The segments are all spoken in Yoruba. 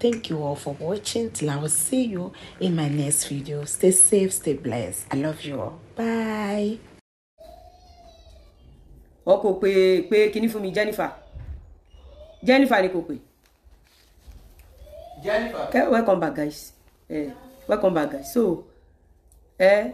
Thank you all for watching. Till I will see you in my next video. Stay safe, stay blessed. I love you all. Bye. Ó kò pé pé kíní fún mi Jennifer. Jennifer ni kò pé. Jennifer. Okay, welcome back guys. Eh, welcome back guys. So, eh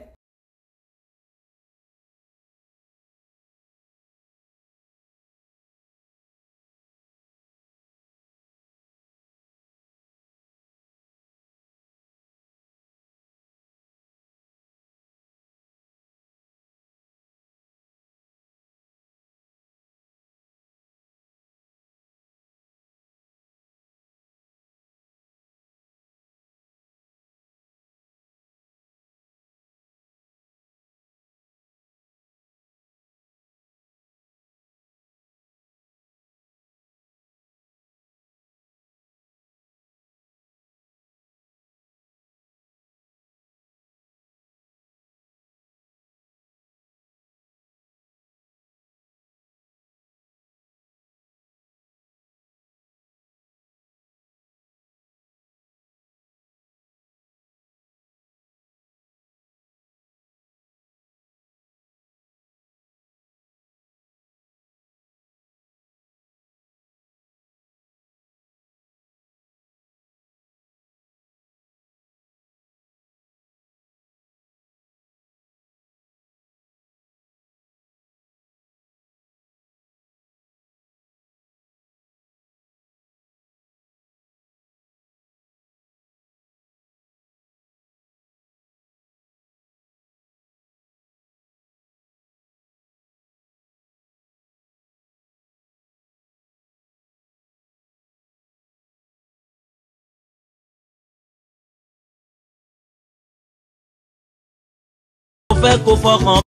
fẹ́ kó fọkàn.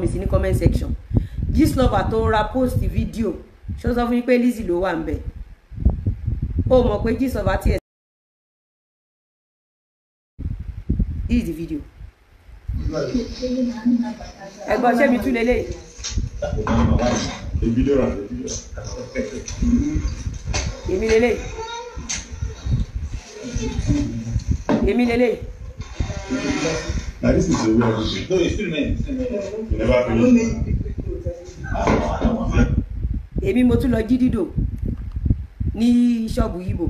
mi sí comment section Gistlover tó ń ra post fídíò ṣó sọ fún yín pé Lizzy ló wà ń bẹ̀ ó mọ̀ pé Gistlover tiẹ̀. this is the video. ẹ̀gbọ́n ṣé mi tún lélẹ̀. èmi lélẹ̀. Emi lele. no it's still men. you never finish. Ah, èmi mo tún lọ jí dídò ní ṣọ́ọ̀bù ibo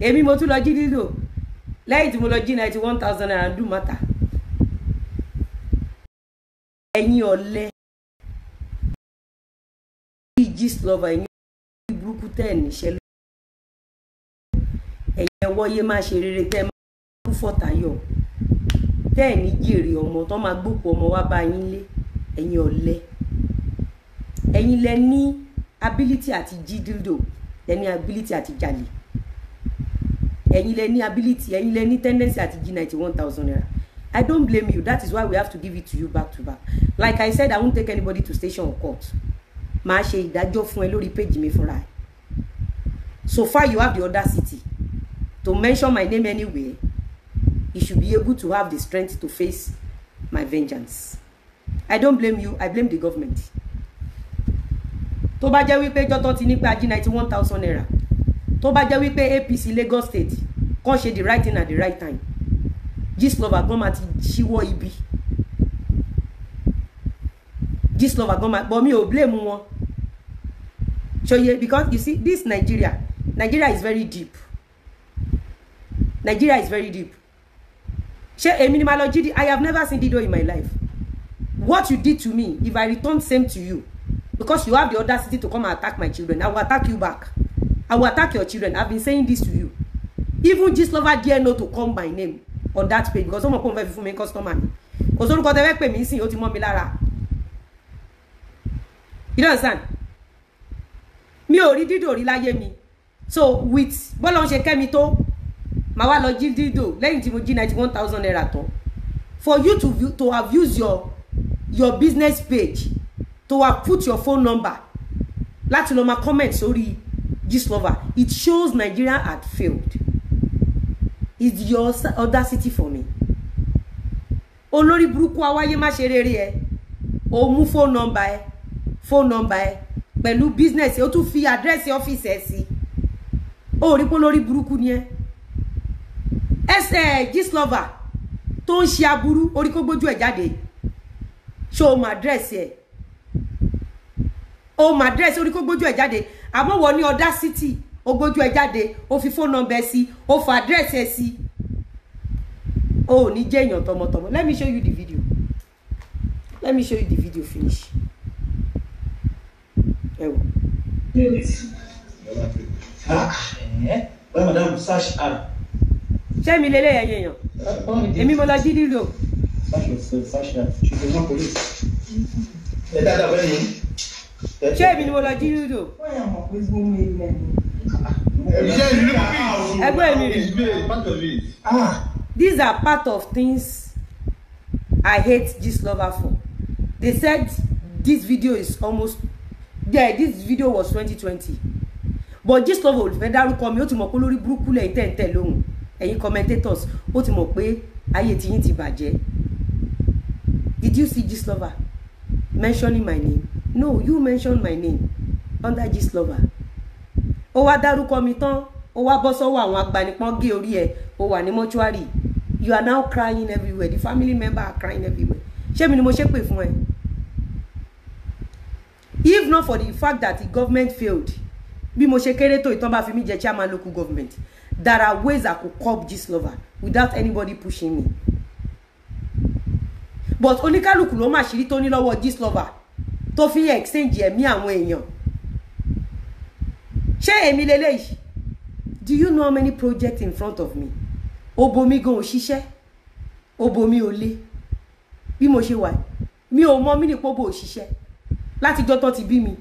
èmi mo tún lọ jí dídò lẹ́yìn tí mo lọ jí ninety one thousand naira dùn mọ́ta ẹ̀yin ọ̀lẹ bíi gist lover ẹ̀yin burúkú tẹ̀ níṣẹ́ lọ ẹ̀yin ẹ̀wọ́ yé má ṣe rere tẹ́ ẹ máa kú fọ̀tàyọ̀ tẹ́ ẹ̀ ní jèrè ọmọ tó máa gbòkú ọmọ wá bá yín lé ẹ̀yin ọ̀lẹ ẹ̀yin lẹ ní ability àti jí dildo lẹ ability àti jalè ẹ̀yin lẹ ní ability ẹ̀yin lẹ ní tendency àti jí ninety one thousand naira I don't blame you that is why we have to give it to you back to back like I said I won't take anybody to station or court màá ṣe ìdájọ́ fún ẹ lórí péjì mi fúnra ẹ so far you have the audacity to mention my name anyway, you should be able to have the strength to face my vengeance. I don't blame you, I blame the government. Tó bá jẹ́ wípé jọ́tọ́ ti nípa ají ninety one thousand naira. Tó bá jẹ́ wípé APC Lagos State kàn ṣe the right thing at the right time. Gistlover gan máa ti ṣíwọ́ ibi. Gistlover gan máa but mi ò blame wọn. Ṣòye because you see this Nigeria, Nigeria is very deep. Nigeria is very deep ṣé èmi ni I have never seen Dido in my life what you did to me if I return same to you because you have the audacity to come and attack my children I will attack you back I will attack your children I've been saying this to you even lover dare not to call my name on that page because ọmọ kan fẹ́ fi fún mi customer Because kò sórúkọ tẹ́fẹ́ pè mí sìn ó ti mọ́ mi you don't understand Me already rí Davido rí me. so with bọ́lá ń ṣe màá wá lọ jí dídò lẹ́yìn tí mo jí ninety one thousand naira tán for you to to have used your your business page to have put your phone number láti lọ máa comment sórí Gistlover it shows Nigeria had failed Is your other city for me olórí burúkú awáyé má ṣe rere ẹ o mú phone number ẹ phone number ẹ pẹ̀lú business ẹ o tún fi address ọ́fíìsì ẹ sí o rí pé olórí burúkú ni ẹ ẹsẹ̀ Gistlover tó ń ṣe aburú orí kó gbójú ẹ̀ jáde ṣó o mọ àdírẹ́sì ẹ̀ o mọ àdírẹ́sì orí kó gbójú ẹ̀ jáde àmọ́ wọ́n ní audacity o gbójú ẹ̀ jáde o fi fóònù nọ́mbà ẹ̀ sí o fa àdírẹ́sì ẹ̀ sí o ní jẹ́ èèyàn tọmọtọmọ let me show you the video let me show you the video finish. ẹ wò. bẹ́ẹ̀ ah, madam sash ah ṣé mi lélẹ̀ yẹn yẹn èmi mo lọ jí lílo. ṣé èmi ni mo lọ jí lílo. ẹgbẹ́ mi rè these are part of things I hate this lover for they said this video is almost yeah this video was 2020 but this lover olùfẹ́ dárúkọ mi ó ti mọ̀ pé lórí burúkú lẹ́yìn tẹ̀ ń tẹ̀ lóhùn ẹ̀yin commentators ó ti mọ̀ pé ayé tiyín ti bàjẹ́ did you see Gistlover mentioning my name no you mentioned my name under Gistlover ó wá dárúkọ mi tán ó wá bọ́ sọ́wọ́ àwọn agbanipọ́n gé orí ẹ̀ ó wà ní mọ́ṣúárì you are now crying everywhere the family members are crying everywhere ṣé mi ni mo ṣe pè fún ẹ if not for the fact that the government failed bí mo ṣe kéré tó ìtàn bá fi mí jẹ chairman local government there are ways I could cope this lover without anybody pushing me. But oníkálukú ló máa ṣírí tó ní lọ́wọ́ this lover tó fi exchange ẹ̀mí àwọn èèyàn. Ṣé èmi leléyìí? Do you know how many projects in front of me? Obomi gan ò ṣiṣẹ́, obomi ò le. Bí mo ṣe wà, mi ò mọ mí ní pọ́bò òṣìṣẹ́ látijọ́ tó ti bí mi.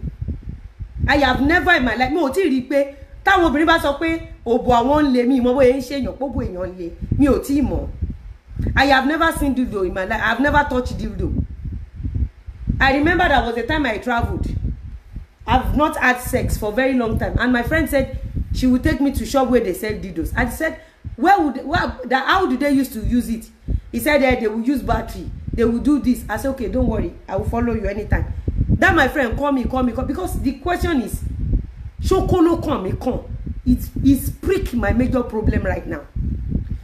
I have never in my life, Mo ò tí ì rí i táwọn obìnrin bá sọ pé òbò àwọn ń le mi ìmọ̀ bóyá ń ṣe èèyàn póbò èèyàn le mi ò tí ì mọ̀ I have never seen dildo in my life I have never touched dildo I remember that was the time I travelled I have not had sex for very long time and my friend said she would take me to shop where they sell dildos I said where would where, that, how do they used to use it he said eh, they will use battery they will do this I said okay don't worry I will follow you anytime that my friend call me call me call because the question is ṣókó ló kàn mí kàn it it's prick my major problem right now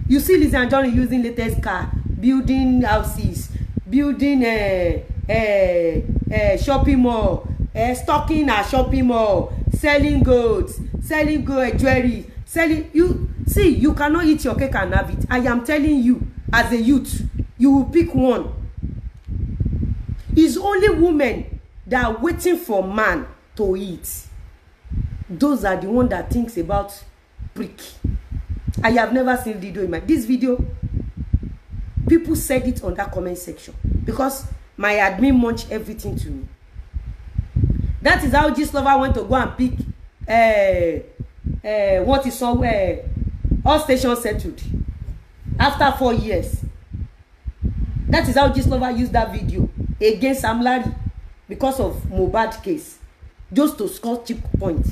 you see Lizzie and Anjorin using latest car building houses building uh, uh, uh, shopping mall uh, stocking a shopping mall selling goods, selling gold jewelry selling you see you cannot eat your cake and have it i am telling you as a youth you will pick one it's only women that are waiting for man to eat those are the one that thinks about prick i have never seen video in my this video people said it on that comment section because my admin munch everything to me that is how this lover went to go and pick uh, uh, what is somewhere uh, all stations settled after four years that is how this lover used that video against sam because of Mobad case just to score cheap points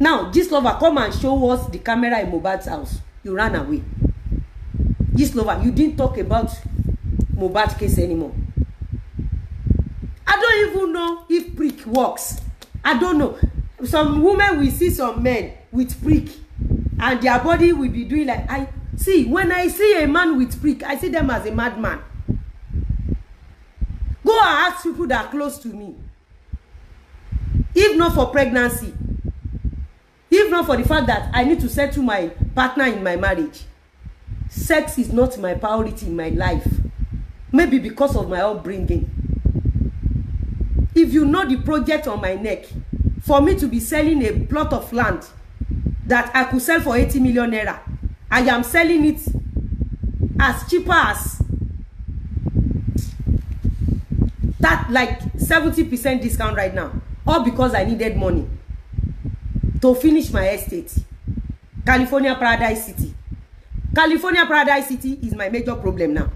now this lover, come and show us the camera in Mohbad's house you ran away This lover, you didn't talk about Mohbad case anymore I don't even know if prick works I don't know some women will see some men with prick and their body will be doing like I see when I see a man with prick I see them as a madman go and ask people that are close to me if not for pregnancy if not for the fact that i need to settle my partner in my marriage sex is not my priority in my life maybe because of my upbringing if you know the project on my neck for me to be selling a plot of land that i could sell for 80 million naira i am selling it as cheap as that like 70% discount right now all because i needed money to finish my estate California Paradise City California Paradise City is my major problem now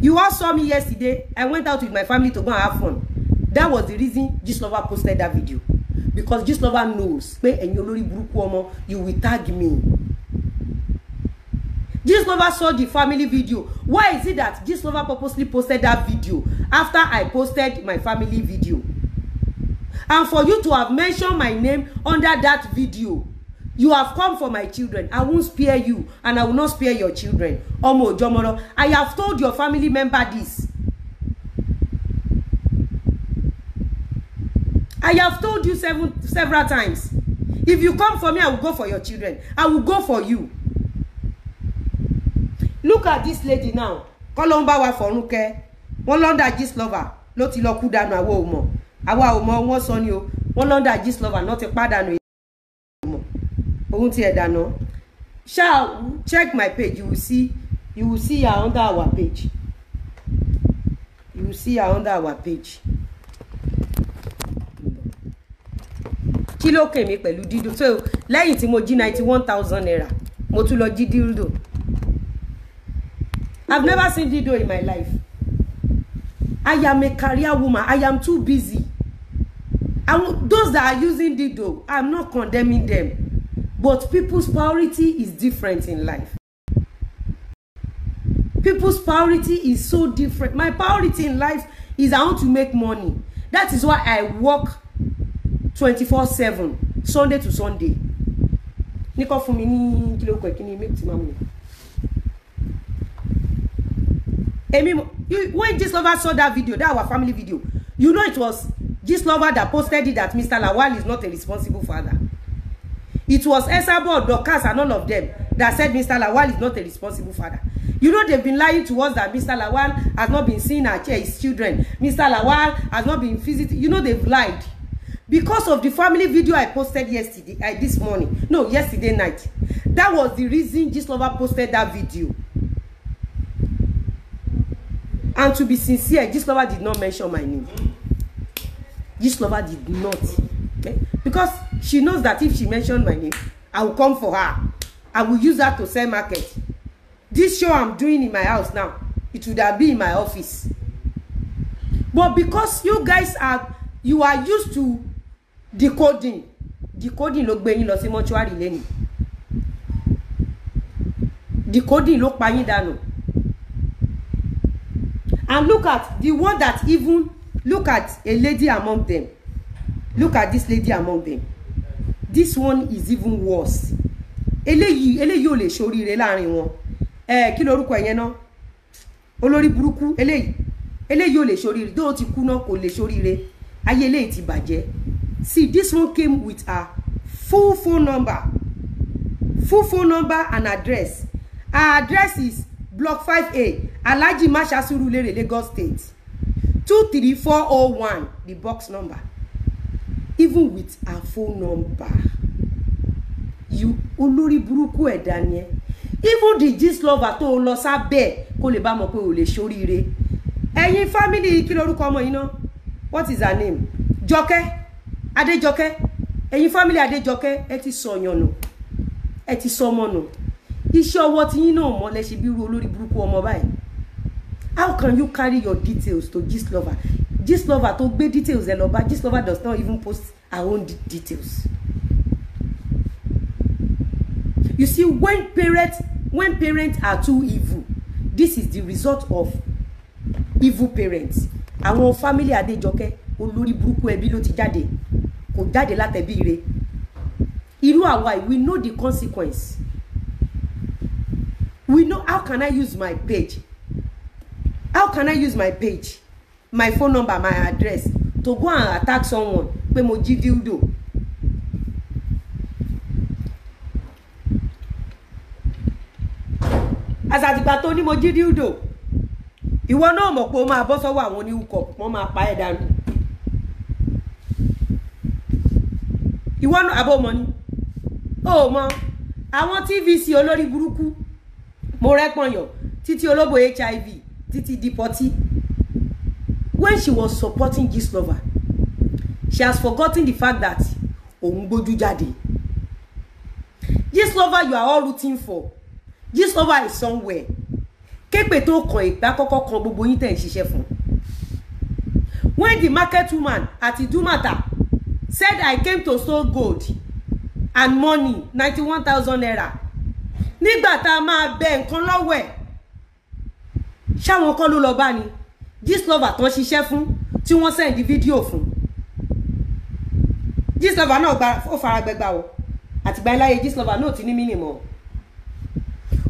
you all saw me yesterday I went out with my family to go and have fun that was the reason Gistlover posted that video because Gistlover knows pé ẹ̀yin olórí burúkú ọmọ you will tag me Gistlover saw the family video why is it that Gistlover purposely posted that video after I posted my family video and for you to have mentioned my name under that video you have come for my children i won't spare you and i will not spare your children Omo, jomoro. i have told your family member this i have told you seven, several times if you come for me i will go for your children i will go for you look at this lady now kọ́ wa fọ̀rún kẹ́ wọ́n lọ́ndà gist lover ló ti lọ kú dànù àwọ̀ òmò àwa ò mọ wọn sọ ni o wọn lọ́ndà Gistlover náà ti pàdánù èyí mọ̀ ohun ti ẹ̀ dànù ṣá check my page you will see you will see her under our page you will see her under our page kí ló kèmí pẹ̀lú dídò so lẹ́yìn tí mo jí ninety one thousand naira mo tún lọ jí dídò I've never seen dídò in my life I am a career woman I am too busy and those that are using the dildo i'm not condemning them but people's priority is different in life people's priority is so different my priority in life is i want to make money that is why i work 24 7 sunday to sunday nìkan fún mi ní kí ló kọ ìkíni méjì tí máa mú èmi when jesus over saw that video that our family video you know it was This lover that posted it that Mr. Lawal is not a responsible father. It was Esabod, Dorcas, and all of them that said Mr. Lawal is not a responsible father. You know they've been lying to us that Mr. Lawal has not been seeing her his children. Mr. Lawal has not been visiting. You know they've lied. Because of the family video I posted yesterday, uh, this morning. No, yesterday night. That was the reason Gislover posted that video. And to be sincere, Gislover did not mention my name. This lover did not. Okay? Because she knows that if she mentioned my name, I will come for her. I will use her to sell market. This show I'm doing in my house now, it would have been in my office. But because you guys are, you are used to decoding, decoding ló gbé yín lọ mortuary lẹ́nu. Decoding ló pa yín dànù. And look at the one that even Look at a lady among them. Look at this lady among them. This one is even worse. Eléyìí eléyìí ò lè ṣoríire láàrin wọn. Eh kí lorúkọ ẹ̀yẹn náà? Olórí burúkú eléyìí. Eléyìí ò lè ṣoríire. Dó ti kú náà kò lè ṣoríire. Ayé eléyìí ti baje. See this one came with a full phone number. Full phone number and address. Her address is Block 5A, Alhaji Masha Surulere, Lagos State. 23401, the box number, even with her phone number. You uluri buruku e ni Even the gist lover tó lọ sábẹ́ kó lè bá mọ̀ pé ò lè ṣoríire. family kí lorúkọ ọmọ yìí What is her name? Jọkẹ́ Adéjọkẹ́. Ẹ̀yin family Adéjọkẹ́ ẹ ti sọ ọ̀yàn nù. Ẹ ti sọ ọmọ nù. Iṣẹ́ ọwọ́ tiyín náà mọ́ lẹ ṣe bí how can you carry your details to lover? Gistlover lover to gbé details ẹ lọ bá lover does not even post her own details you see when parents when parents are too evil this is the result of evil parents àwọn family Adéjọkẹ́ olórí burúkú ẹbí ló ti jáde kò jáde látẹbí rẹ̀ irú àwa we know the consequence we know how can I use my page how can i use my page my phone number my address to go and attack someone pé mo jí dildo àsàtìgbà tó ní mo jí dildo ìwọ náà mọ̀ pé ó máa bọ́ sọ́wọ́ àwọn oníwùkọ̀ wọ́n máa pa ẹ̀ dànù ìwọ náà àbọ̀ mọ̀ ni ó mọ àwọn tvc olórí burúkú mo rẹ́pọ̀nyàn títí olóbò hiv títí di when she was supporting this lover, she has forgotten the fact that òun gbójú This lover you are all rooting for this lover is somewhere képe tó kàn ìgbà kọ́kọ́ kan gbogbo yín tẹ̀ ń ṣiṣẹ́ fún when the market woman at Idumata said I came to sell gold and money ninety one thousand naira nígbà tá ma máa bẹ nǹkan ṣáwọn kọ́ ló lọ bá ni Gistlover tán ṣiṣẹ́ fún tí wọ́n sẹ́ndì fídíò fún Gistlover náà ó fara gbẹgbà o àtìgbà iláyé Gistlover náà ti ní mínìmọ̀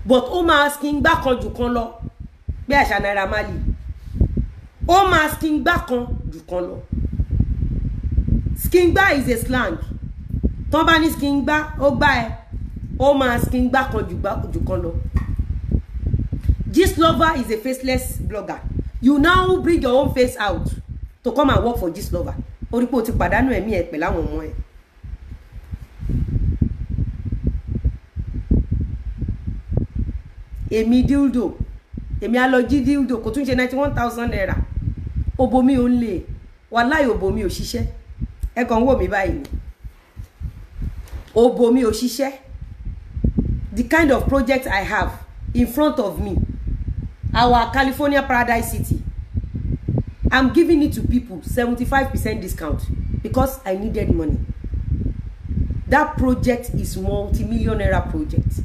but ó máa skin gbá kan jù kan lọ bí àṣà Naira Marley ó máa skin gbá kan jù kan lọ skin gbá is a slang tán bá ní skin gbá ó gbá ẹ ó máa skin gbá kan jù kan lọ This lover is a faceless blogger you now bring your own face out to come and work for this lover. pé o ti pàdánù ẹ̀mí ẹ̀ pẹ̀lú àwọn ọmọ ẹ̀. èmi dildo èmi á lọ dildo kò tún ṣe ninety one thousand naira Obomi mi ò ń lè wàláì obo mi ò ṣiṣẹ́ ẹ kàn ni obo mi ò the kind of project I have in front of me our California Paradise City. I'm giving it to people 75% discount because I needed money. That project is multi-million project.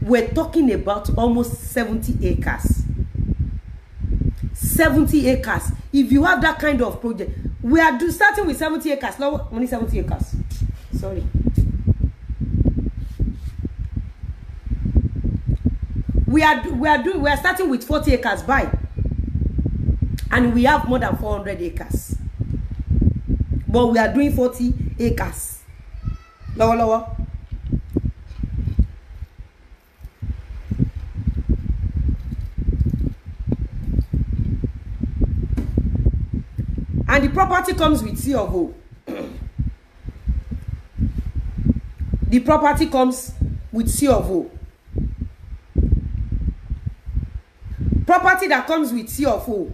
We're talking about almost 70 acres. 70 acres. If you have that kind of project, we are do, starting with 70 acres. No, only 70 acres. Sorry. we are we are doing we are starting with 40 acres by and we have more than 400 acres but we are doing 40 acres Lower lower. and the property comes with sea of O the property comes with sea of O property that comes with CFO.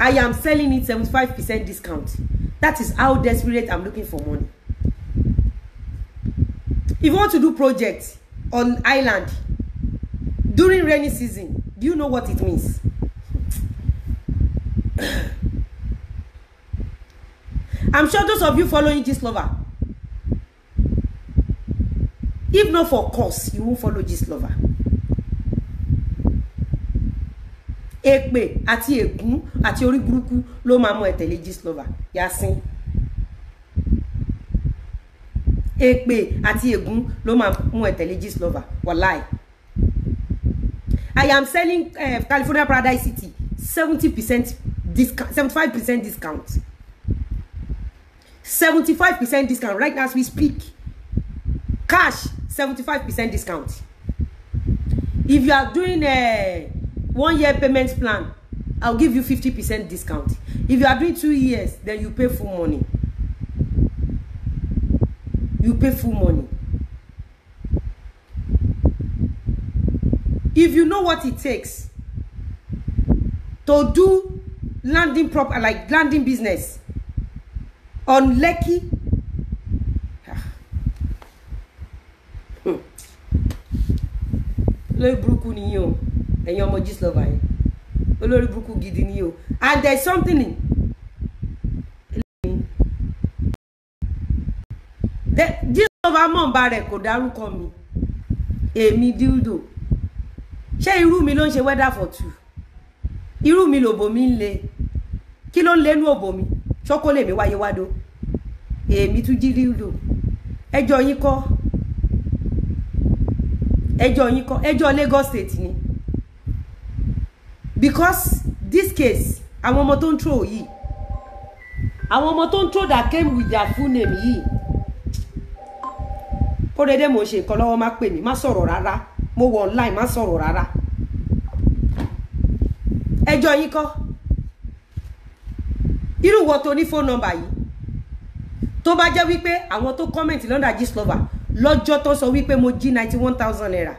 I am selling it 75% discount. That is how desperate I'm looking for money. If you want to do projects on island during rainy season, do you know what it means? I'm sure those of you following Gist Lover, if not for cause, you won't follow Gist Lover. èpè àti ègún àti orí burúkú ló máa mú ẹ tẹ̀lé Yasin èpè àti ègún ló máa mú ẹ tẹ̀lé Gistlover I am selling uh, California Paradise City seventy percent discount seventy five percent discount seventy five percent discount right as we speak cash seventy five percent discount if you are doing. Uh, one year payment plan i'll give you 50% discount if you are doing two years then you pay full money you pay full money if you know what it takes to do landing prop like landing business on Lekki lórí burúkú you ẹ̀yin ọmọ gist lover yẹn olórí burúkú gidi ni o and there is something in gist lover mọ̀ nba rẹ̀ kò dárúkọ mi èmi dildo ṣé irú mi ló ń ṣe weather for two irú mi lòbò mi ń le kí ló ń lé nú òbò mi ṣọ́kó lèmi wáyé wádó èmi tún jí dildo ẹjọ́ yín kọ́ ẹjọ́ yín kọ́ ẹjọ́ Lagos State ni because this case àwọn ọmọ tó ń throw yìí àwọn ọmọ tó ń throw that came with their full name yìí ó dédé mo ṣe nǹkan lọ́wọ́ má pè mí má sọ̀rọ̀ rárá mo wọ online má sọ̀rọ̀ rárá ẹjọ́ yín kọ́ irú wo tó ní phone number yìí tó bá jẹ́ wípé àwọn tó comment lọ́ndà Gistlover lọ́jọ́ tó sọ wípé mo jí ninety one thousand naira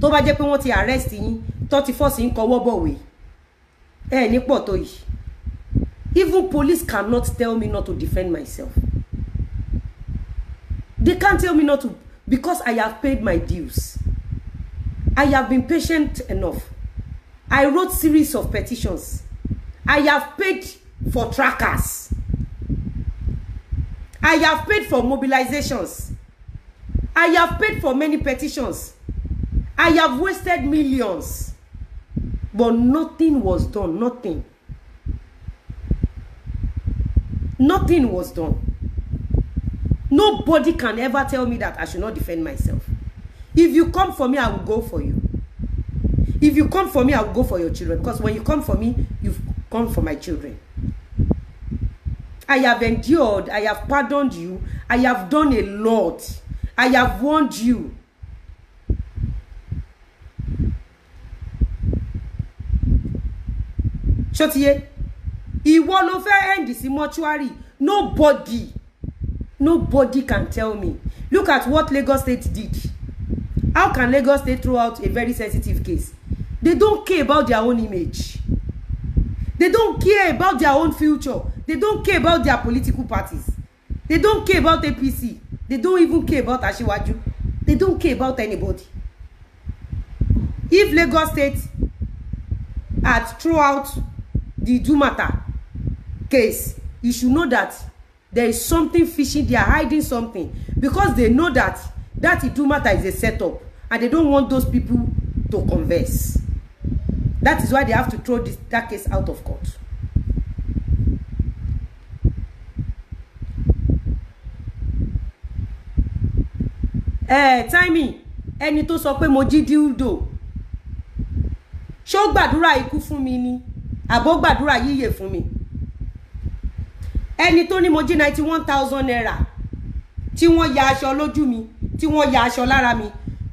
tó bá jẹ́ pé wọ́n ti arrest yín tó ti force yín kọwọ́ bọ̀wé ẹ ní pọ̀ tó yìí even police cannot tell me not to defend myself they can't tell me not to because I have paid my dues I have been patient enough I wrote series of petitions I have paid for trackers I have paid for mobilizations I have paid for many petitions I have wasted millions but nothing was done nothing nothing was done nobody can ever tell me that i should not defend myself if you come for me i will go for you if you come for me i will go for your children because when you come for me you've come for my children i have endured i have pardoned you i have done a lot i have warned you ṣó ti yé ìwọ ló fẹ́ end sí mortuary nobody nobody can tell me look at what Lagos State did how can Lagos State throw out a very sensitive case they don't care about their own image they don't care about their own future they don't care about their political parties they don't care about APC they don't even care about Asiwaju they don't care about anybody if Lagos State had throw out the Dumata case, you should know that there is something fishing, they are hiding something because they know that that Dumata is a setup and they don't want those people to converse. That is why they have to throw this, that case out of court. Eh, Taimi, ẹni to sọ pé mo jí dildo. Ṣó gbàdúrà ni àbó gbàdúrà yíyè fún mi ẹni tó ní mo jí ninety one thousand naira tí wọ́n ya aṣọ lójú mi tí wọ́n ya aṣọ lára mi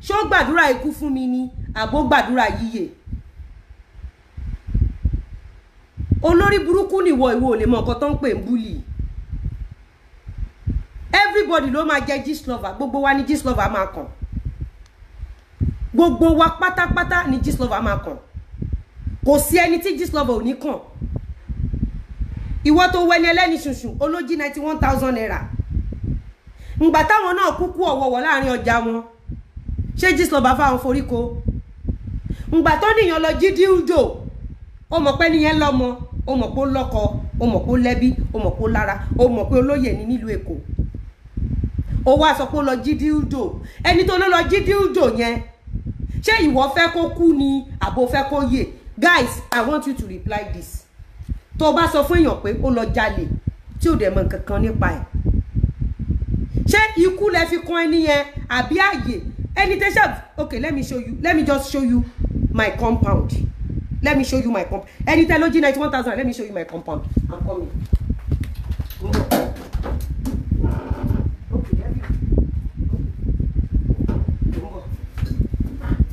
ṣó gbàdúrà ikú fún mi ni àbó gbàdúrà yíyè olórí burúkú nìwọ ìwọ ò lè mọ nǹkan tó ń pè ń búlì everybody ló máa jẹ gist lover gbogbo wa ni gist lover máa kàn gbogbo wa pátápátá ni gist lover máa kàn kò sí ẹni tí gist lover ò ní kàn ìwọ tó wẹni ẹlẹ́ni ṣùṣù olójì ninety one thousand naira ngbà táwọn náà kúkú ọ̀wọ̀wọ̀ láàrin ọjà wọn ṣé gist lover fáwọn foríko ngbà tó nìyàn lọ jí díúdò ó mọ̀ pé nìyẹn lọ́mọ ó mọ̀ pé ó lọ́kọ ó mọ̀ pé ó lẹ́bí ó mọ̀ pé ó lára ó mọ̀ pé olóyè ní nílùú èkó ó wá lọ jí díúdò ẹni tó ló lọ jí díúdò yẹn ṣé ìwọ fẹ́ kó kú ni àbò fẹ́ kó yè guys i want you to reply this tó bá sọ fún èèyàn pé ó lọ jalè tí ò dẹ̀ mọ̀ nǹkan kan nípa ẹ̀ ṣé ikú lẹ fi kan ẹni yẹn àbí àyè ẹni tẹ́ṣà okay let me show you let me just show you my compound let me show you my compound ẹni tẹ́ ló jí ninety one thousand let me show you my compound i'm coming.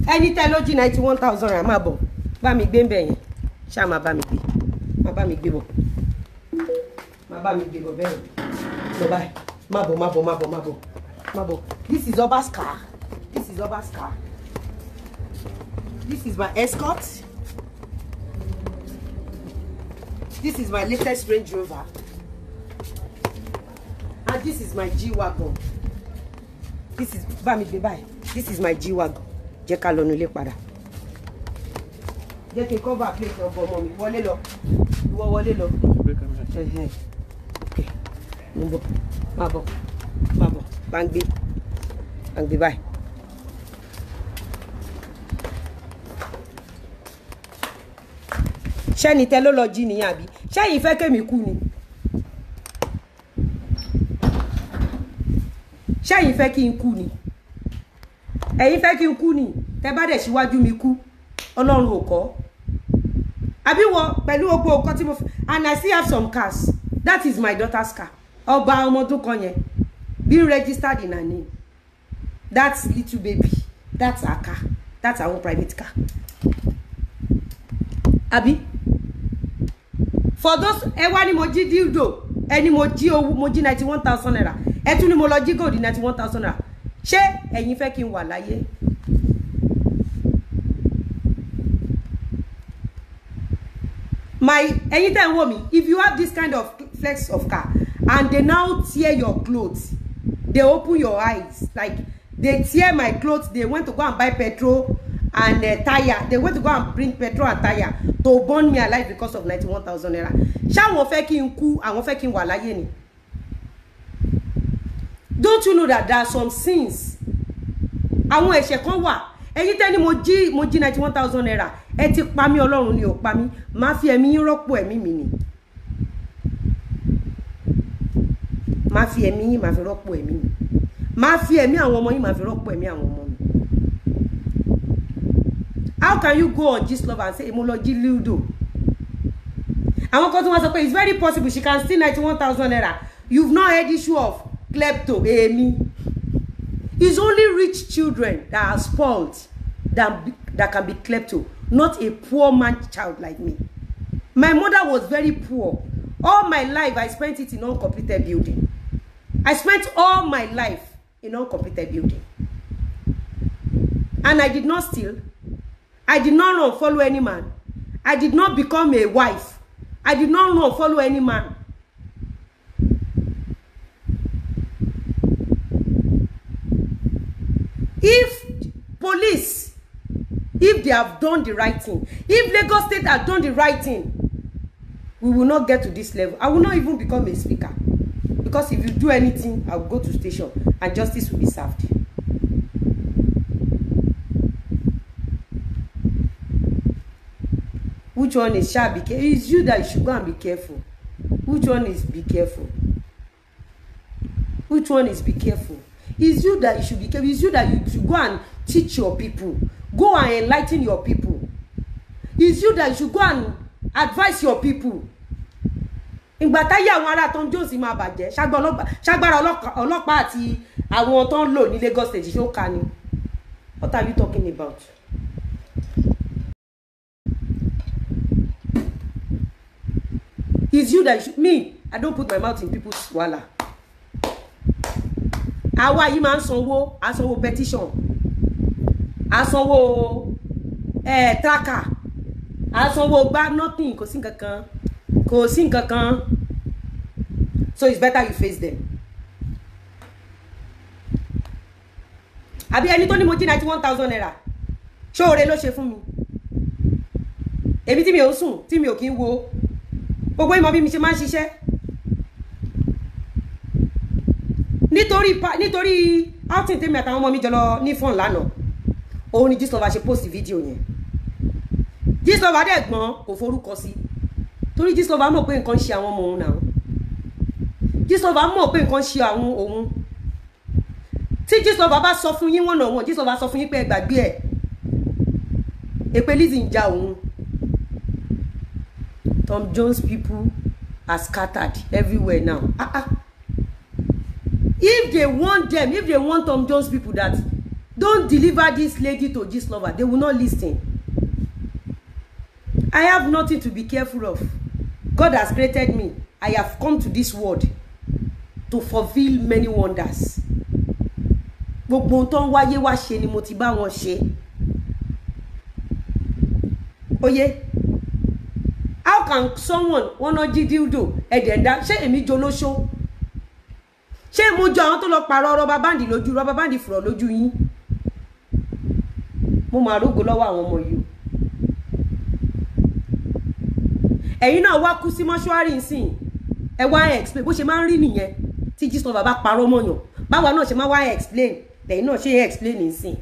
ẹni tẹ́ ló jí ninety one thousand rẹ̀ máa bọ̀ bá mi gbé ń bẹ̀ yẹn ṣáà máa bá mi gbé máa bá mi gbé bọ̀ máa bá mi gbé bọ̀ bẹ́ẹ̀ lọ báyìí má bọ̀ má bọ̀ má bọ̀ má bọ̀ má bọ̀ this is Oba's car this is Oba's car this is my escort this is my latest Range Rover and this is my G-Wagon this is bá mi gbé báyìí this is my G-Wagon jẹ́ ká lọ nulẹ̀ padà jẹ́ kí n cover plate ọgbọ ọmọ mi wọlé lọ ìwọ wọlé lọ. okay mo bọ̀ máa bọ̀ máa bọ̀ bá ń gbé bá ń gbé báyìí. ṣẹ́ni tẹ́ ló lọ jí nìyẹn àbí ṣẹ́yìn fẹ́ kémi kú ni. ṣẹ́yìn fẹ́ kí n kú ni ẹ̀yin fẹ́ kí n kú ni tẹ́ bá dẹ̀ síwájú mi kú ọlọ́run ò kọ́ Abi, wo, pẹ̀lú gbogbo nǹkan tí mo fi and I still have some cars that is my daughter's car ọba ọmọ ọdún kan yẹn Be registered in her name that little baby that's her car that's her own private car Abi, for those ẹ wá ní mo jí dildo ẹ ní mo jí owó mo jí ninety one thousand naira ẹ tún ní mo lọ jí gold ninety one thousand naira ṣé ẹ̀yin fẹ́ kí n wà láyé my ẹ̀yin tẹ́ ń if you have this kind of flex of car and they now tear your clothes they open your eyes like they tear my clothes they went to go and buy petrol and uh, tire they went to go and bring petrol and tire to burn me alive because of ninety one thousand naira ṣé àwọn fẹ́ kí n kú àwọn fẹ́ kí n wà láyé ni don't you know that there are some sins àwọn ẹ̀ṣẹ̀ kan wà ẹ̀yin tẹ́ ni mo jí mo jí ninety one thousand naira ẹ ti pa mí ọlọ́run ni ò pa mí màá fi ẹ̀mí yín rọ́pò mi ni màá fi ẹ̀mí yín fi rọ́pò ẹ̀mí mi màá fi ẹ̀mí àwọn ọmọ yín màá fi rọ́pò ẹ̀mí àwọn ọmọ mi. how can you go on this love and say èmo lọ jí Liudo àwọn kan tí wọ́n sọ pé it's very possible she can steal ninety one thousand naira you've not heard issue of klepto Emi. it's only rich children that are spoiled that, that can be klepto not a poor man child like me. My mother was very poor. All my life, I spent it in uncompleted building. I spent all my life in uncompleted building. And I did not steal. I did not run follow any man. I did not become a wife. I did not run follow any man. If police they have done the right thing if Lagos State had done the right thing we will not get to this level I will not even become a speaker because if you do anything I will go to station and justice will be served. Which one is shall be careful? It's you that you should go and be careful. Which one is be careful? Which one is be careful? It's you that you should be careful. It's you that you should go and teach your people Go and enlighten your people. It's you that should go and advise your people. Ìgbà táyé àwọn ará tó ń jó sí máa bàjẹ́ ṣágbára ọlọ́pàá àti àwọn tó ń lò ní Lagos state ṣó ká ni. What are you talking about? It's you that should, me, I don't put my mouth in people's wahala. Àwa yìí máa ń sanwó, a sanwó petition asanwó eh, tracker asanwó gbá nothing kò sí nǹkan kan kò sí nǹkan kan so it's better you face them. àbí ẹni tó ní mo jí ninety one thousand naira ṣóore ló ṣe fún mi èmi tí mi ò ń sùn tí mi ò kí ń wo gbogbo ìmọ̀ bí mi ṣe máa ń ṣiṣẹ́ nítorí nítorí outing tèmi àtàwọn ọmọ mi jọ lọ ní fún lánàá òun ni Gistlover ṣe post fídíò yẹn Gistlover dẹ̀ gbọ́n kò forúkọ sí torí Gistlover mọ̀ pé nǹkan ń ṣe àwọn ọmọ òun náà Gistlover mọ̀ pé nǹkan ń ṣe àwọn òun tí Gistlover bá sọ fún yín wọ́n náà wọ́n Gistlover sọ fún yín pé ẹ gbàgbé ẹ̀ èpè Lizzy ń ja òun Tom Jones people are scattered everywhere now ah ah if they want them if they want Tom Jones people that don't deliver this lady to this lover they will not listen i have nothing to be careful of god has created me i have come to this world to fulfill many wonders gbogbo ohun tó ń wáyé wá ṣe ni mo ti bá wọn ṣe oye how can someone wọn náà jí dildo ẹ̀dẹ̀ẹ̀dá ṣé èmi jolóṣó ṣé mo jọ àwọn tó lọ pààrọ̀ rọba báǹdì lójú rọba báǹdì fùrọ̀ lójú yín mo máa rógo lọ́wọ́ àwọn ọmọ yìí o ẹ̀yin náà wá kú sí mọ́ṣúárì nsìn ẹ wá explain bó ṣe máa ń rí nìyẹn tí jísọ bàbá parọ́ mọ̀yàn báwa náà ṣe máa wá explain lẹ́yìn náà ṣe explain nsìn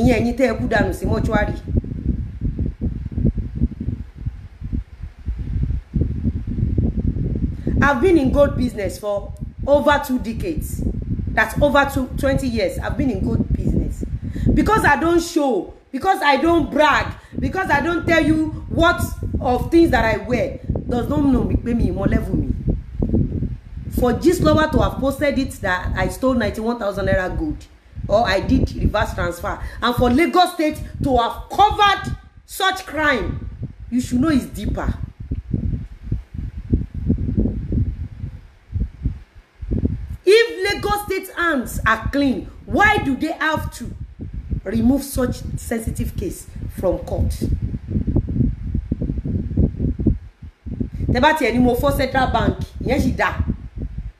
ìyẹn ẹ̀yin tẹ́ ẹ kú dànù sí mọ́ṣúárì. I've been in gold business for over two decades. That's over two, twenty years. I've been in gold business because i don show because i don brag because i don tell you what of things that i wear does no know me mi ìmọ̀ level me. for Gistlover to have posted it that i stole ninety-one thousand naira gold or i did reverse transfer and for Lagos State to have covered such crime you should know it's deeper. If Lagos State hands are clean why do they have to remove such sensitive case from court. tẹ bá tiẹ̀ ní mo fọ́ central bank ìyẹn sì dáa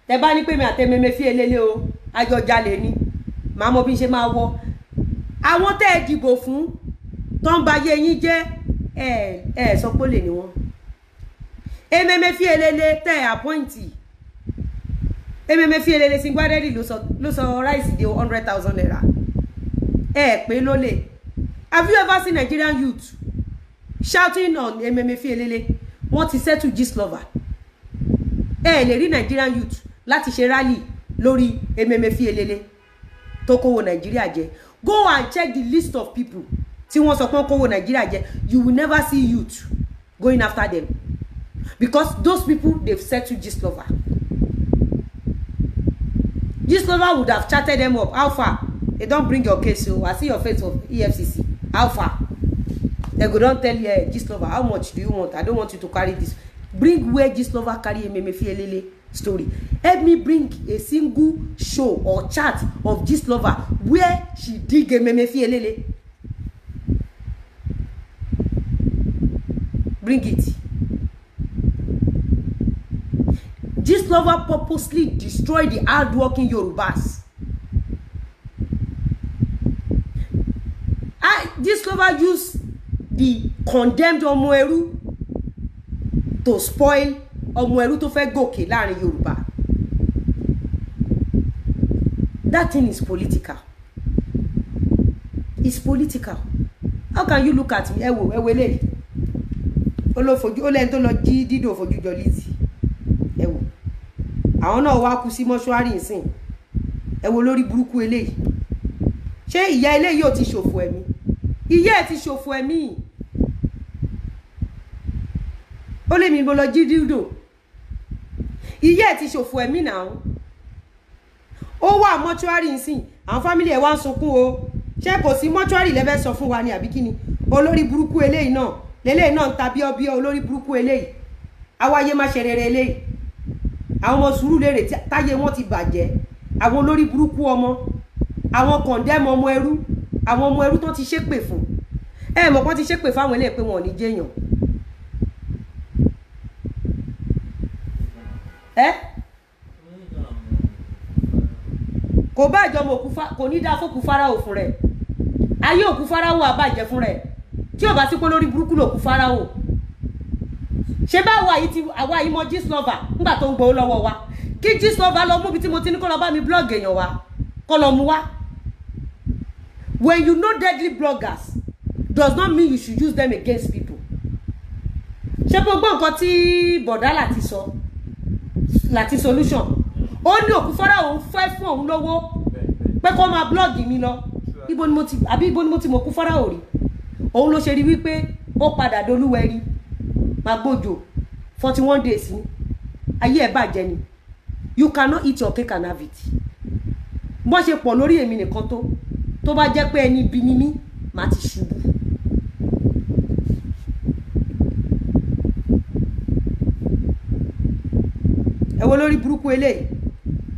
tẹ bá ní pé mi àtẹmẹmẹ fi eléle o ajọjalè ni màá mọ bí n ṣe máa wọ àwọn tẹ́ ẹ dìbò fún tó ń bayé yín jẹ́ ẹ ẹ sọ pé lè ní wọn ememe fi eléle tẹ́ ẹ àpọ́ǹtì ememe fi eléle sí gbádẹ́rì ló sọ ráìsì di one hundred thousand naira ẹ pé ló have you ever seen Nigerian youth shouting on Emefiele wọ́n ti to gist lover ẹ lè rí Nigerian youth láti ṣe rally lórí Emefiele tó kówó Nàìjíríà jẹ go and check the list of people tí wọ́n sọ pé wọ́n Nigeria, Nàìjíríà you will never see youth going after them because those people they've to gist lover gist lover would have chatted them up how far they don bring your case So i see your face of efcc how far They go don tell you this eh, lover. how much do you want i don't want you to carry this bring where this lover carry ememefielele story help me bring a single show or chart of this lover where she dig ememefielele bring it This lover purposely destroyed the hard hardworking yorubas I ah, discover used the condemned ọmọ ẹrú to spoil ọmọ ẹrú tó fẹ́ gòkè láàrin that thing is political it's political how can you look at me Ewo ewo ẹ wò eléyìí olófojú ó lẹ́yìn tó lọ jí dídò fojú jọ Lizzy ẹ wò àwọn náà wá kú sí mọ́ṣúárì nsìn ẹ wò lórí burúkú eléyìí ṣé ìyá eléyìí ò ti ṣòfò ẹ̀mí ìyá ẹ̀ ti ṣòfò ẹ̀mí ó lè mi mo lọ jí dídò ìyá ẹ̀ ti ṣòfò ẹ̀mí náà ó wà mọ́túárì nsìn àwọn fámìlì ẹ̀ wá ń sunkún o ṣé kò sí mọ́túárì lẹ́fẹ́ sọ fún wa ni àbí kíni olórí burúkú eléyìí náà lélẹ́yìí náà ń ta bíọ́bíọ́ olórí burúkú eléyìí awáyé má ṣe rere eléyìí àwọn ọmọ sùúrù lérè táyé wọn ti bàjẹ́ àwọn olórí burúkú ọmọ àwọn kọ̀ǹdẹ́mọ ọmọ ẹrú àwọn ọmọ ẹrú tán ti ṣépè fún ẹ mọ̀ kán ti ṣépè fáwọn eléyìí pé wọn ò ní jẹ́yàn ẹ kò bá ìjọba òkúfa kò ní dá fókù fáráò fún rẹ ayé òkú fáráò àbàjẹ́ fún rẹ tí ò bá sí pé lórí burúkú lòkú fáráò ṣé bá àwa yìí ti àwa yìí mọ gíslọva nígbà tó ń gbowó lọ́wọ́ wa kí gíslọva lọ mú ibi tí mo ti ní kó lọ bá mi blọọgì èèyàn wa kó lọ mú wa when you know deadly bloggers does not mean you should use them against people ṣé kó gbọ́ nǹkan tí bọ̀dá láti sọ láti solution ó ní òkú fọ́dà òun fẹ́ fún òun lówó pé kó máa blọ́ọ̀gì mi lọ ibo ni mo ti àbí ibo ni mo ti mọ̀ kú fọ́dà òrì òun ló ṣe rí wípé ó padà dolúwẹ̀rí magbójo forty one days ni ayé ẹ̀ bàjẹ́ ni you cannot eat your cake and have it bọ́n ṣe pọ̀ lórí èmi nìkan tó tó bá jẹ́ pé ẹni bí ni mí màá ti ṣubú. ẹ wo lórí burúkú eléyìí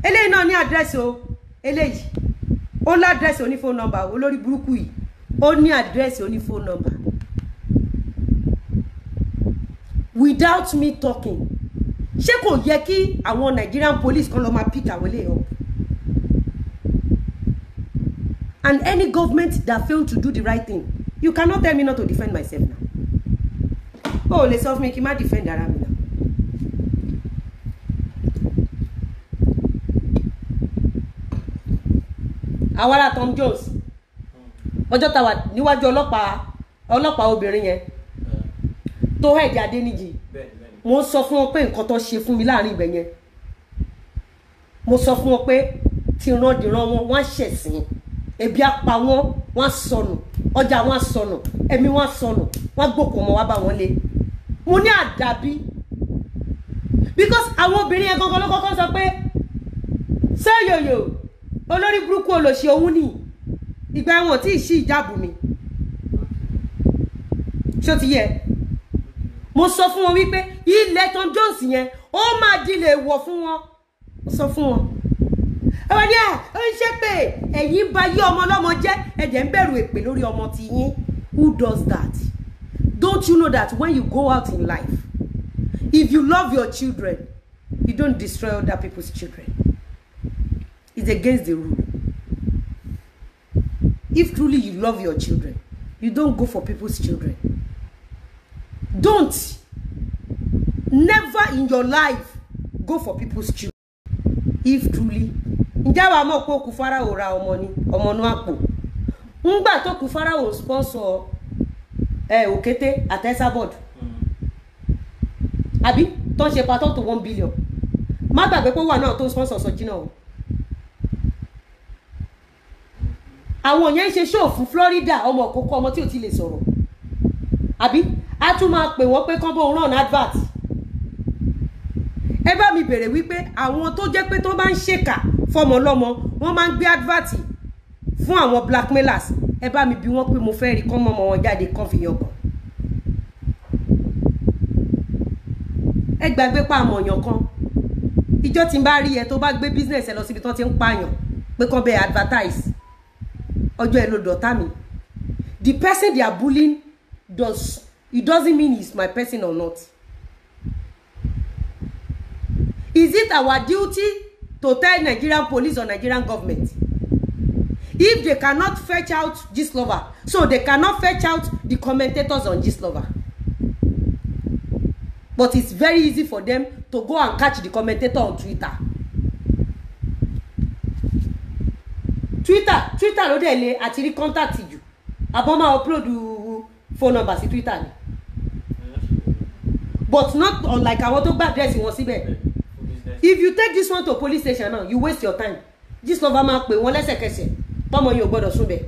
eléyìí náà ní àdírẹ́sì o eléyìí ó ní àdírẹ́sì oní fóònù nọ́mbà o lórí burúkú yìí ó ní àdírẹ́sì oní fóònù nọ́mbà without me talking ṣé kò yẹ kí àwọn Nigerian police kan lọ máa pick àwọn eléyìí up and any government that fail to do the right thing you cannot tell me not to defend myself now Oh, let's sọ me. mi kí n má defend ara mi now àwárà Tom Jones ọjọ́ ta wà níwájú ọlọ́pàá ọlọ́pàá obìnrin yẹn tó hẹ̀ jáde níjì mo sọ fún wọn pé nǹkan tó ṣe fún mi láàrin ibẹ̀ yẹn mo sọ fún wọn pé tìrandìran wọn wọ́n ṣẹ̀sìn ebi apá wọn wọn sọnù ọjà wọn sọnù ẹ̀mí wọn sọnù wọn gbòkò ọmọ wa bá wọn lé mo ní àdàbí because àwọn obìnrin yẹn gangan ló sọ pé sẹ́yòyò olórí burúkú olòṣì òun nì ìgbà ẹ̀wọ̀n tí ì sí ìjáàbù mi ṣó ti yẹ mo sọ fún wọn wípé ilẹ̀ Tom Jones yẹn ó máa dilẹ̀ wọ̀ fún wọn mo sọ fún wọn ọmọ ní ó ń ṣe pé ẹ̀yin bà yé ọmọ ọlọ́mọ jẹ́ ẹ̀jẹ̀ ń bẹ̀rù èpè lórí ọmọ ti yín who does that don't you know that when you go out in life if you love your children you don't destroy other people's children it's against the rule if truly you love your children you don't go for people's children don't never in your life go for people's children if truly ǹjẹ́ wàá mọ̀ pé òkú Fáráò ra ọmọ ni ọmọ inú àpò ńgbà tó kú Fáráò sponsor ẹ òkété àtẹ́sàbọ̀dù hmm. àbí tó ń ṣe patọ́ tó one billion má gbàgbé pé wà náà tó ń sponsor Sọjínà o àwọn yẹn ń ṣe ṣóò Florida ọmọ òkókó ọmọ tí ò ti lè sọ̀rọ̀ àbí a tún máa pè wọ́n pé kán bó ràn advert ẹ bá mi bèrè wípé àwọn tó jẹ́ pé tó bá ń ṣèkà fọmọ lọ́mọ wọ́n máa ń gbé advert fún àwọn blackmailers ẹ bá mi bi wọ́n pé mo fẹ́ rí kán mọ́mọ́ wọn jáde kán fi yan kan ẹ gbàgbé pa àmọ̀yàn kan ìjọ tí n bá rí ẹ tó bá gbé business ẹ lọ síbi tán ti ń pààyàn pé kán bẹ́ẹ̀ advertise ọjọ́ ẹ ló dọ̀tá mi the person they are bullying does it doesn't mean he's my person or not is it our duty to tell Nigerian police or Nigerian government. If they cannot fetch out this lover, so they cannot fetch out the commentators on this lover. But it's very easy for them to go and catch the commentator on Twitter. Twitter Twitter ló dẹ̀ lé àti rí contact jù àbọ̀ upload the phone number sí Twitter but not unlike àwọn tó gbà address wọn síbẹ̀ if you take this one to police station now you waste your time this number máa pè wọ́n lẹ́sẹ̀kẹsẹ̀ tọmọ yìí ò gbọ́dọ̀ sún bẹ́ẹ̀.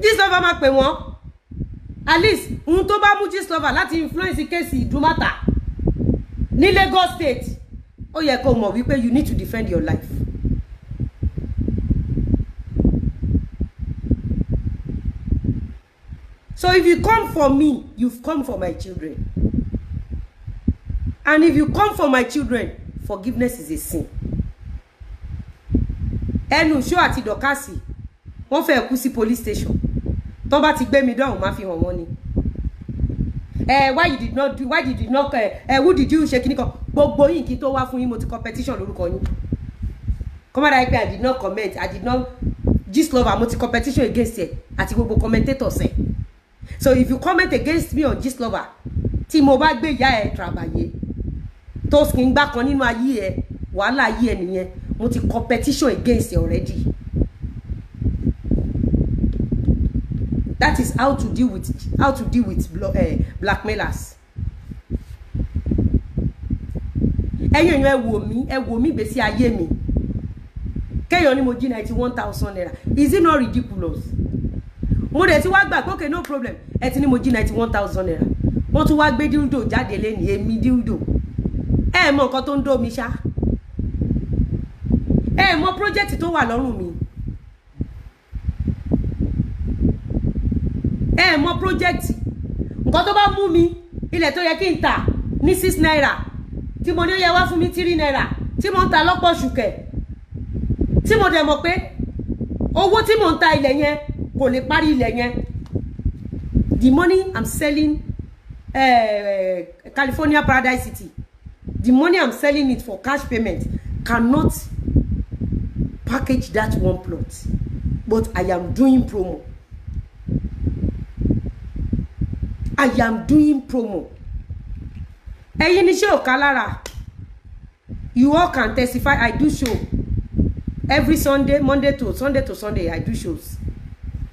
this number máa pè wọ́n at least ohun tó bá mú this number láti influence kéèsì ìdúmọ́ta ní Lagos State ó yẹ kó mọ̀ wípé you need to defend your life. So if you come for me, you've come for my children. And if you come for my children, forgiveness is a sin. Ẹnu ṣó àti dọ̀kásì, wọ́n fẹ́ kú sí police station. Tọ́ bá ti gbé mi dáhùn, máa fi hàn wọ́n ni. Ẹ why you did not do why you did not Eh, ẹ who did you shake? kíní kan? Gbogbo yìí kí tó wá fún yín mo ti competition lórúkọ yín. Kọ́mọ́dà yìí pé I did not comment I did not gist lover mo ti competition against ẹ̀ àti gbogbo commentators ẹ̀ so if you comment against me on Gistlover tí mo bá gbé ìyá ẹ tàbàyè tó sì ń gbá kan nínú ayé ẹ wàhálà ayé ẹ nìyẹn mo ti competition against you already that is how to deal with how to deal with uh, blackmailers. ẹ̀yin èèyàn ẹ wò mí ẹ wò mí ìgbésí ayé mi kéèyàn ni mo jí ninety one thousand naira is it not ridiculous mo dẹ̀ ti wá gbà pé okay no problem ẹ ti ní mo jí ninety one thousand naira wọ́n tún wá gbé dildo jáde lẹ́nu èmi dildo ẹ mọ nǹkan tó ń dó mi ṣá ẹ mọ project tó wà lọ́rùn mi ẹ mọ project nǹkan tó bá mú mi ilẹ̀ tó yẹ kí n tà ní six naira tí mo ní ó yẹ wá fún mi three naira tí mo ń ta lọ́pọ̀ ṣùkẹ̀ tí mo dẹ̀ mọ̀ pé owó tí mo ń ta ilẹ̀ yẹn kò lè parí ilẹ̀ yẹn the money i'm selling uh, California Paradise City the money i'm selling it for cash payment cannot package that one plot but i am doing promo i am doing promo ẹ̀yin ni ṣé ò lára you all can testify i do show every sunday monday to sunday to sunday i do shows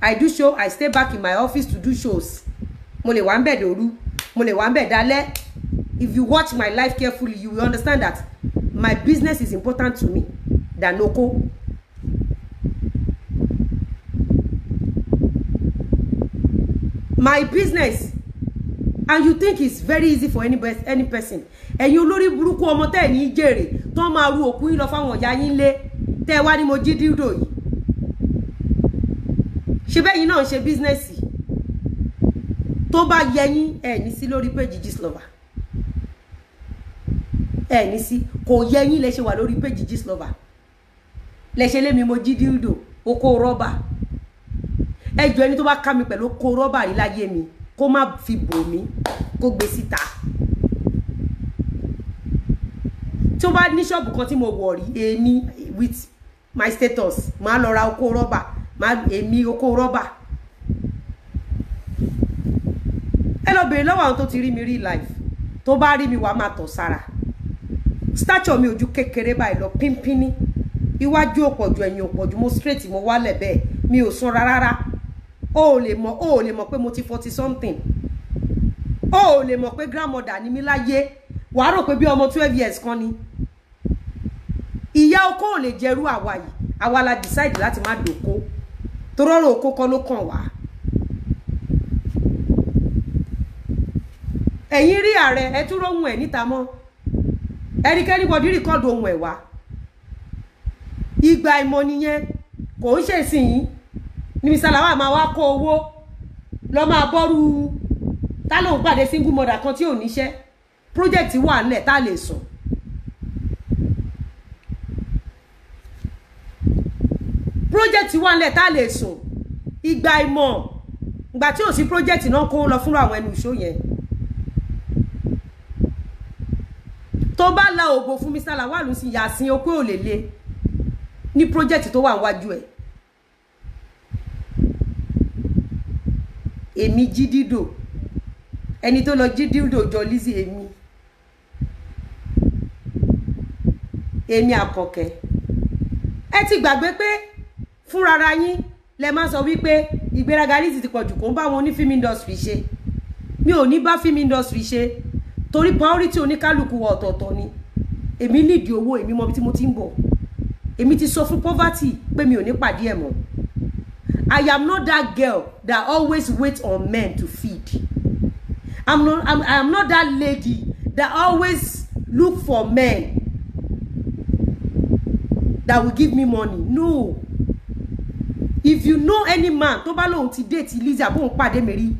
i do show i stay back in my office to do shows mo lè wà ń bẹ̀ dòru mo lè wà ń bẹ̀ if you watch my life carefully you will understand that my business is important to me than oko my business and you think it's very easy for any, any person ẹ̀yin olórí burúkú ọmọ tẹ́ ẹ̀ ní jèrè tó máa ru òkú yín lọ fáwọn ọ̀yá yín lé tẹ́ ẹ wá ní mo jí dídò yìí ṣe bẹ́yìn náà ń ṣe bísínẹ́sì tó bá yẹyìn ẹ̀ ní sí lórí péjì Gistlover ẹ̀ ní sí kò yẹyìn lẹ ṣe wà lórí péjì Gistlover lẹ ṣe lémi mo jí dídò oko rọ́bà ẹjọ́ ẹni tó bá ká mi pẹ̀lú oko rọ́bà rí láyé mi kó má fi bò mí kó gbé síta tí ó bá ní ṣọ́ọ̀bù kan tí mo wọ̀ rí èmi with my status màá lọ ra oko rọ́bà èmi oko rọ́bà ẹ lọ bèrè lọ́wọ́ àwọn tó ti rí mi rí life tó bá rí mi wàá máa tọ̀ sára stature mi ojú kékeré báyìí lọ pínpínní iwájú òpọ̀jù ẹ̀yìn òpọ̀jù mo straight mo wálẹ̀ bẹ́ẹ̀ mi ò sanra rárá o ò lè mọ̀ o ò lè mọ̀ pé mo ti forty something o ò lè mọ̀ pé grandmother ni mi láyé wàá rò pé bí ọmọ twelve years kan ni ìyá oko ò lè jẹrú àwa yìí àwa la decide láti má dòko torọ́rọ̀ oko kọ́ ló kàn wá. ẹ̀yin rí ààrẹ ẹ tún róhun ẹ̀ níta mọ́ ẹnikẹ́ni bọ́dí rìkọ́dù ohun ẹ̀ wá ìgbà ìmọ̀ nìyẹn kò ń ṣe sìn yín ni misalawa máa wá kó owó lọ́ máa bọ́rú tá lóun pàdé single mother kan tí ò níṣẹ́ project wà nílẹ̀ tá lè sùn. So project wà nílẹ̀ tá a so, sùn ìgbà ìmọ̀ ìgbà tí ò project náà kó lọ fúnra àwọn ẹnu ìṣó yẹn tó bá la ògbò fún Mr. Lawal sí yàsín okó òlélẹ̀ ní project tó wà wájú ẹ̀ èmi jí dídò ẹni tó lọ jí dídò jọ Lizzy èmi èmi àkọkẹ́ ẹ ti gbàgbé pé fúnrara yín lẹ máa sọ wípé ìgbéraga ní ti pọ̀jù kò ń bá wọn ní film industry ṣe mi ò ní bá film industry ṣe torí priority oníkálukú wa ọ̀tọ̀ọ̀tọ̀ ni èmi nídìí owó èmi mọ bí tí mo ti ń bọ̀ èmi ti sọ fún poverty pé mi ò ní pàdé ẹ̀ mọ́ I am not that girl that always wait on men to feed I'm not, I'm, I am not that lady that always look for men that will give me money no if you know any man tó bá lóun ti déètì Lizzie àbóun pàdé Mary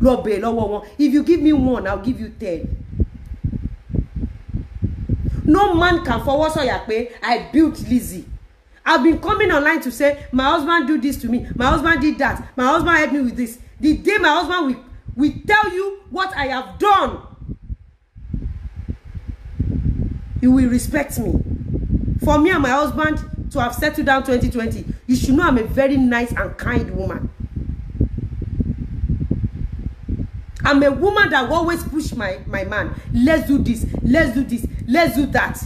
lọ bẹ̀rẹ̀ lọ́wọ́ wọn if you give me one I'll give you ten no man can fọwọ́ sọ̀yà pé i built Lizzie i've been coming online to say my husband do this to me my husband did that my husband help me with this the day my husband will, will tell you what i have done you will respect me for me and my husband to have settled down 2020 You should know I'm a very nice and kind woman. I'm a woman that always push my, my man. Let's do this. Let's do this. Let's do that.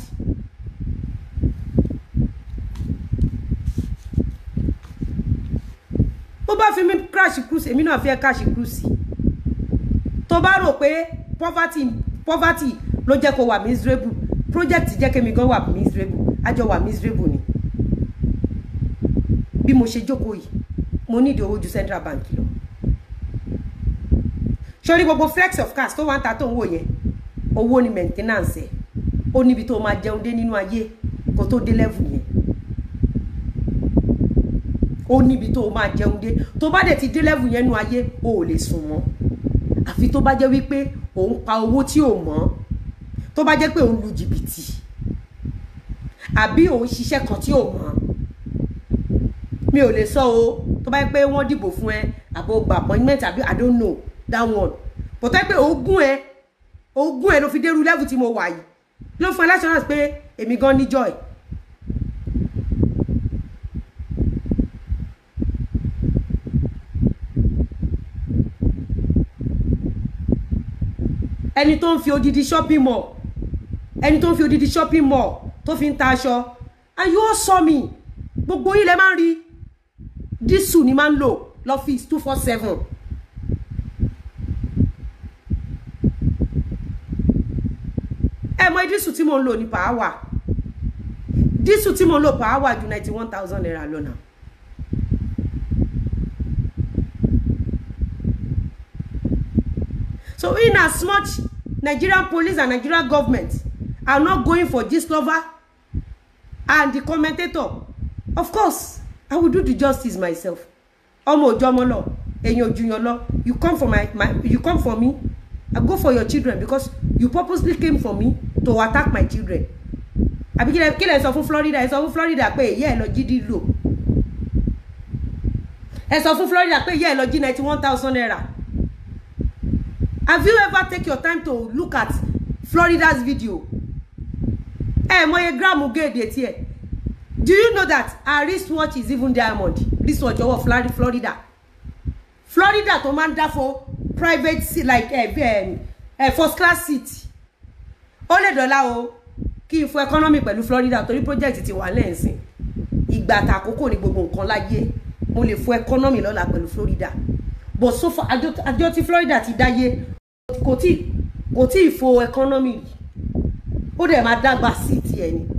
Bó bá fi mí crash cruise, èmi náà fẹ́ crash cruise. Tó bá rò pé poverty poverty ló jẹ́ kó wà miserable. Project jẹ́ mi gan wa miserable. Àjọ wa miserable ni bí mo ṣe jókòó yìí mo nídìí owó ju central bank lọ sórí gbogbo flex of cash tó wà ń ta tó ń wò yẹn owó ni maintenance ẹ ó níbi tó máa jẹun dé nínú ayé kó tó dé level yẹn ó níbi tó máa jẹun dé tó bá dẹ̀ ti dé level yẹn nínú ayé ó ò lè sùn mọ́ àfi tó bá jẹ́ wípé òun pa owó tí ò mọ́ tó bá jẹ́ pé òun lu jìbìtì àbí òun ṣiṣẹ́ kan tí ò mọ́ mi ò lè sọ o tó bá yẹ pé wọ́n dìbò fún ẹ àbò gba appointment àbí i don't know that one but ẹ pé ogún ẹ ogún ẹ ló fi dérú level tí mo wà yìí ló fún ẹ láti ọ̀nà pé èmi gan ní joy. ẹni tó ń fi odidi shopping mall ẹni tó ń fi odidi shopping mall tó fi ń ta aṣọ and you all saw me gbogbo yìí lẹ máa ń rí dísù ni máa ń lò lọ́fíìsì two four seven. ẹ mọ dísù tí mo ń lò ní pàáwà dísù tí mo ń lò pàáwà ju ninety one thousand naira lọ náà. So in as much Nigerian police and Nigerian government are not going for this lover and the commentator, of course, I will do the justice myself ọmọ òjò ọmọ lọ èyàn òjùyàn lọ you come for my, my you come for me I go for your children because you purposely came for me to attack my children àbí kí lẹ kí lẹ sọ fún Florida ẹ sọ fún Florida pé èyí ẹ lọ jí dílò ẹ sọ fún Florida pé èyí ẹ lọ jí ninety one thousand naira have you ever take your time to look at Florida's video ẹ mọye gíráàmù géèdè tiẹ̀ do you know that her wristwatch is even diamond wristwatch ọwọ́ Florida Florida tó máa ń for private like uh, um, uh, first class seat Only dollar, oh, o for n fún economy pẹ̀lú Florida torí project ti wà lẹ́sìn ta koko ni gbogbo nǹkan láyé mo lè fún economy lọ́la pẹ̀lú Florida but so far àjọ tí Florida ti dáyé kò tí kò tí ì fo economy ó dẹ̀ máa dágbà sí tiẹ̀ ni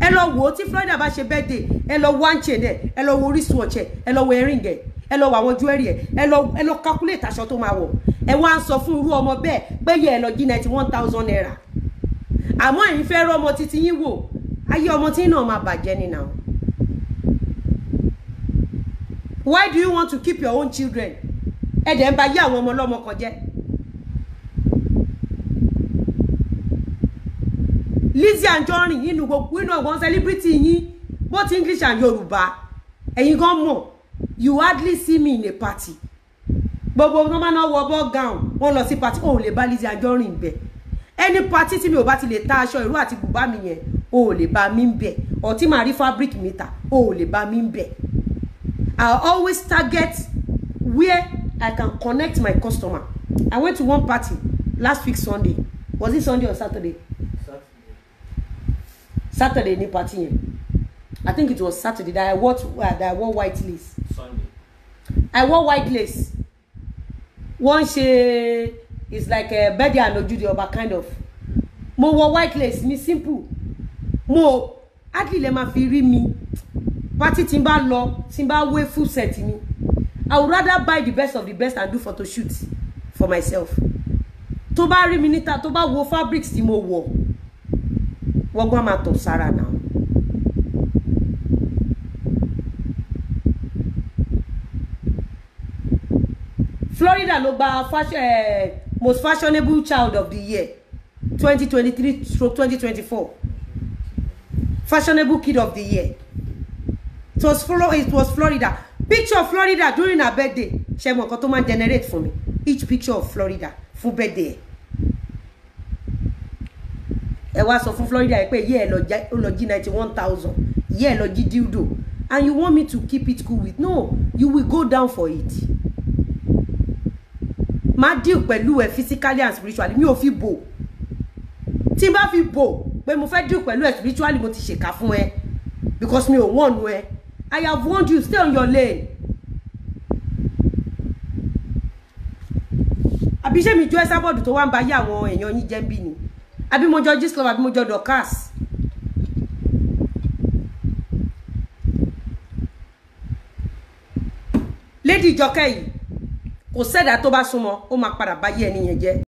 ẹ lọ wò ó tí Florida bá ṣe birthday ẹ lọ wo one chain ẹ ẹ lọ wo orísun ọ̀chẹ ẹ lọ wo erin ẹ ẹ lọ wo àwọn ojú ẹ̀rí ẹ ẹ lọ ẹ lọ calculate aṣọ tó máa wọ̀ ẹ wá ń sọ fún irú ọmọ bẹ́ẹ̀ pé yẹ ẹ lọ jí ninety one thousand naira àmọ́ ẹ̀yin fẹ́ rọ́ ọmọ titi yín wò ayé ọmọ tí náà máa bàjẹ́ ni now why do you want to keep your own children ẹ dẹ̀ ń ba yé àwọn ọmọ ọlọ́mọ kan jẹ́ Lizzie and Anjorin yìí nu gbogbo inú ọgbọ́n celebrity yín both English and Yorùbá ẹ̀yin gan mọ̀ you hardly see me in a party gbogbo wọn máa ń wọ ball gown wọn lọ sí party òun lè bá Lizzy Anjorin bẹ̀ ẹni party tí mi ò bá ti lè ta aṣọ ìró àti bùbá mi yẹn o ò lè bá mi bẹ̀ ọ̀ tí màá rí fabric mi ta o ò lè bá mi bẹ̀ I always target where I can connect my customer I went to one party last week Sunday was it Sunday or Saturday Saturday ní party yẹn I think it was Saturday that I wore uh, that I wore white lace. Sunday. I wore white lace. Wọ́n ṣe is like a eh, birthday and ojude ọba kind of. Mo wọ white lace mi simple. Mo hardly lè máa fi rí mi. Party tí n bá lọ tí n wé full set mi. I would rather buy the best of the best and do photo shoot for myself. Tó bá rí mi níta tó bá wo fabrics tí mo wọ̀ wọ́gbọ́n máa tọ̀ Sarah now. Florida ló ba fashion, eh, most fashionable child of the year twenty twenty three stroke twenty twenty four fashionable kid of the year it was, it was Florida picture of Florida during her birthday She mo nǹkan tó generate for me. each picture of Florida for birthday ẹ wá sọ fún Florida yìí pé yí ẹ lọ jí ninety one thousand yí ẹ lọ jí dildo and you want me to keep it cool with no you will go down for it máa deal pẹ̀lú ẹ physically and spiritually mi ò fi bò tí n bá fi bò pé mo fẹ́ deal pẹ̀lú ẹ spiritually mo ti ṣèkà fún ẹ because mi ò wọ́n nu ẹ I have warned you stay on your lane. àbí ṣé mi jó ẹ sábọ̀dù tó wá ń bayé àwọn èèyàn yín jẹ́ ń bí ni. Abi mo jọ gist love mo jọ Dorkas lady Jọkẹ́ yìí kò sẹ́dá tó bá súnmọ́ ó máa padà báyé ẹni yẹn jẹ́